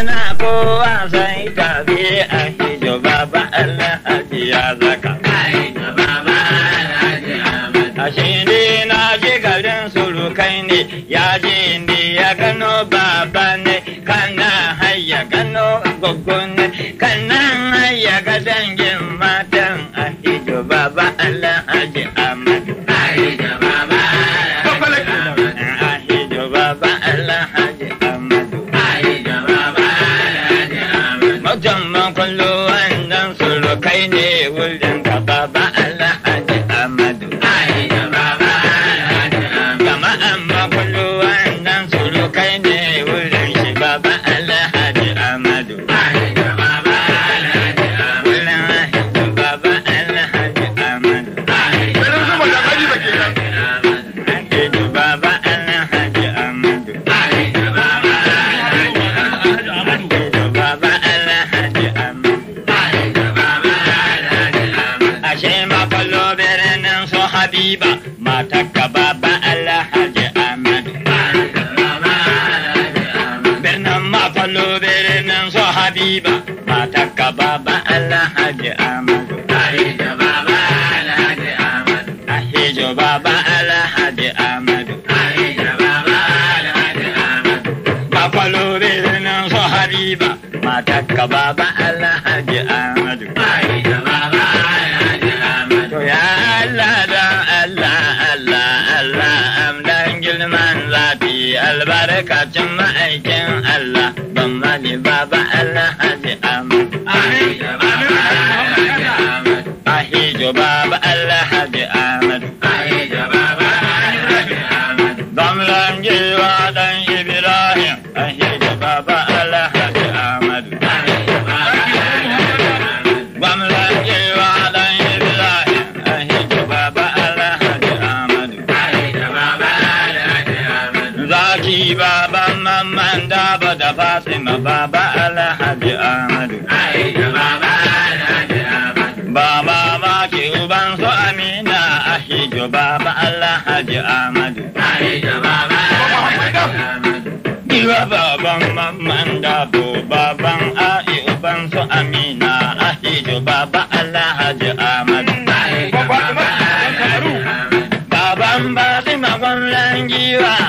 Ina kowa sai tafi a hijo baba Allah ya zaka. a shi ne na ji garin suru kai ne, ya ji ne ya gano baba ne, kana haya gano gogo ne, kana haya ga dangin matan a hijo baba Allah Majma Habiba, mata ka baba Alhaji Ahmad. Birnin Mafalo birnin su Habiba, mata ka baba Alhaji Ahmad. Ahijo baba Alhaji Ahmad. Ahijo baba Alhaji Ahmad. Ahijo baba Alhaji Ahmad. Mafalo birnin su Habiba, mata ka baba Alhaji Ahmad. तलवार का चम्मा है da baba Alhaji ma ke uban baban mamman dabo baban A'i su Amina baba Alhaji Baban giwa.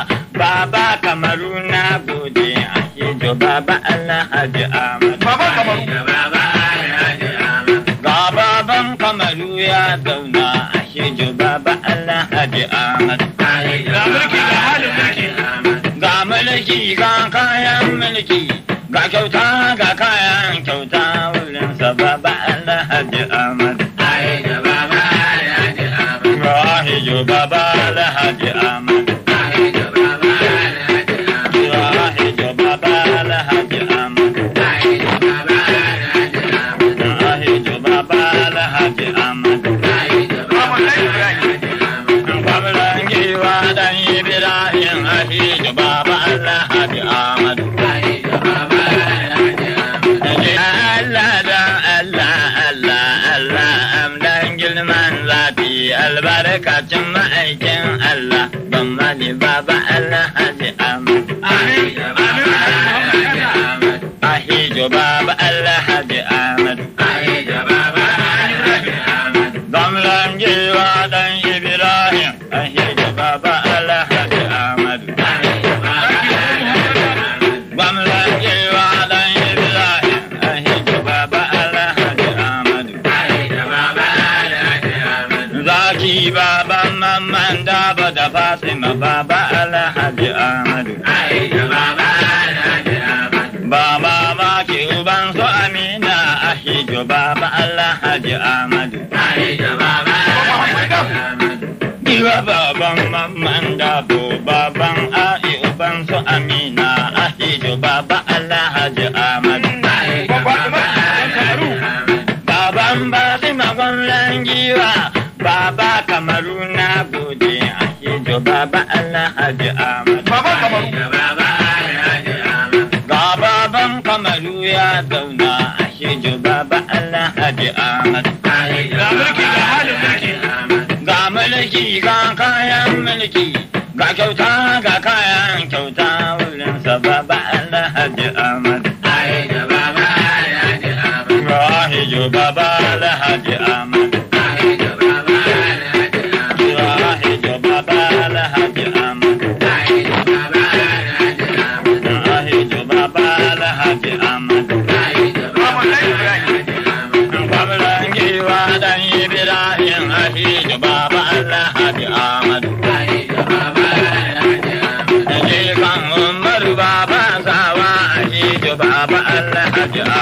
Amadu Baba Alhaji Amadu. Baba Kamaru. Baba Alhaji Amadu. baba baban Kamaru ya zauna a shejo Baba Alhaji Amadu. Ga mulki ga halin mulki. Ga mulki ga kayan mulki. Ga kyauta ga kayan kyauta wurinsa Baba Alhaji Amadu. Ga Baba Alhaji Amadu. Ga Baba Alhaji Amadu. Abi Ahmadu. Allah dan Allah Allah Allah amdan girman zafi albarkacin ma'aikin Allah ban mani baba Allah hadi Baba da Fatima Baba Alhaji Ahmadu. Baba Maki Uban su Amina Ahijo Baba Alhaji Ahmadu. Iwa baban mamman dabo baban uban su Amina Baba Alhaji Ahmadu. Baban Baba Kamaruna. na Haji Ahmad. Baba Kamaru. baban Kamaru ya zauna a shejo baba Allah Haji Ahmad. Ga mulki ga halin mulki. Ga mulki ga kayan mulki. Ga kyauta ga kayan kyauta wurinsa baba Allah Haji Ahmad. Ga hijo baba Allah Haji Ahmad. da baba Allah abi amadu